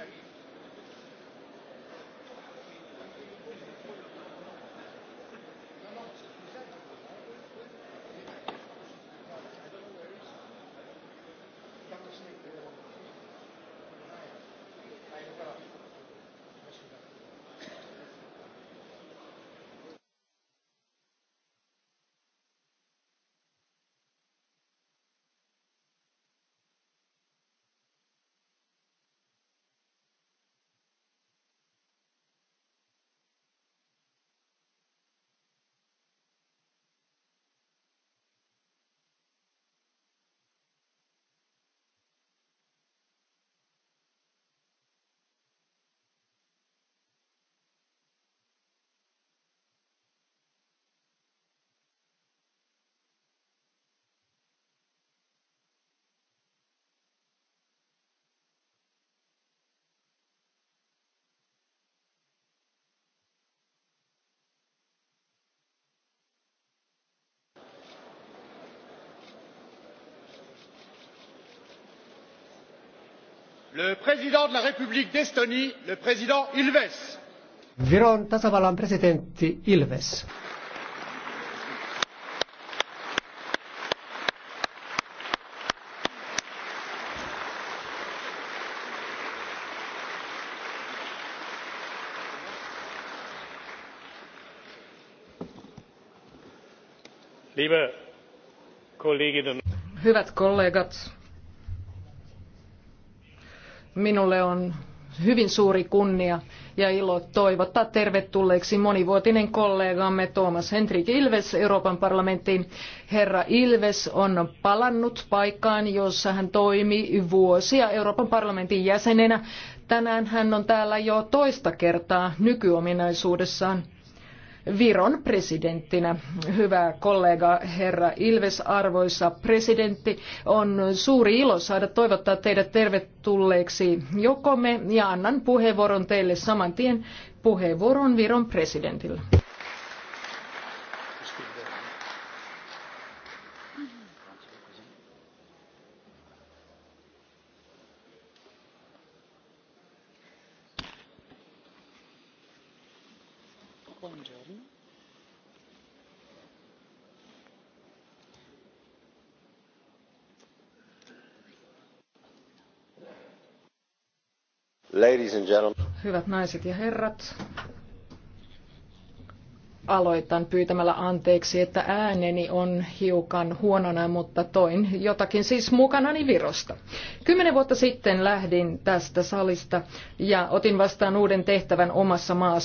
aquí. Le président de la République d'Estonie, le président Ilves. Viron tasavallan presidentti Ilves. Hyvät kollegat, Minulle on hyvin suuri kunnia ja ilo toivottaa tervetulleeksi monivuotinen kollegamme Thomas Hendrik Ilves Euroopan parlamenttiin. Herra Ilves on palannut paikkaan, jossa hän toimi vuosia Euroopan parlamentin jäsenenä. Tänään hän on täällä jo toista kertaa nykyominaisuudessaan. Viron presidenttinä. Hyvä kollega herra Ilves, arvoisa presidentti, on suuri ilo saada toivottaa teidät tervetulleeksi jokomme ja annan puheenvuoron teille saman tien puheenvuoron Viron presidentille. Hyvät naiset ja herrat, aloitan pyytämällä anteeksi, että ääneni on hiukan huonona, mutta toin jotakin siis mukanani Virosta. Kymmenen vuotta sitten lähdin tästä salista ja otin vastaan uuden tehtävän omassa maassa.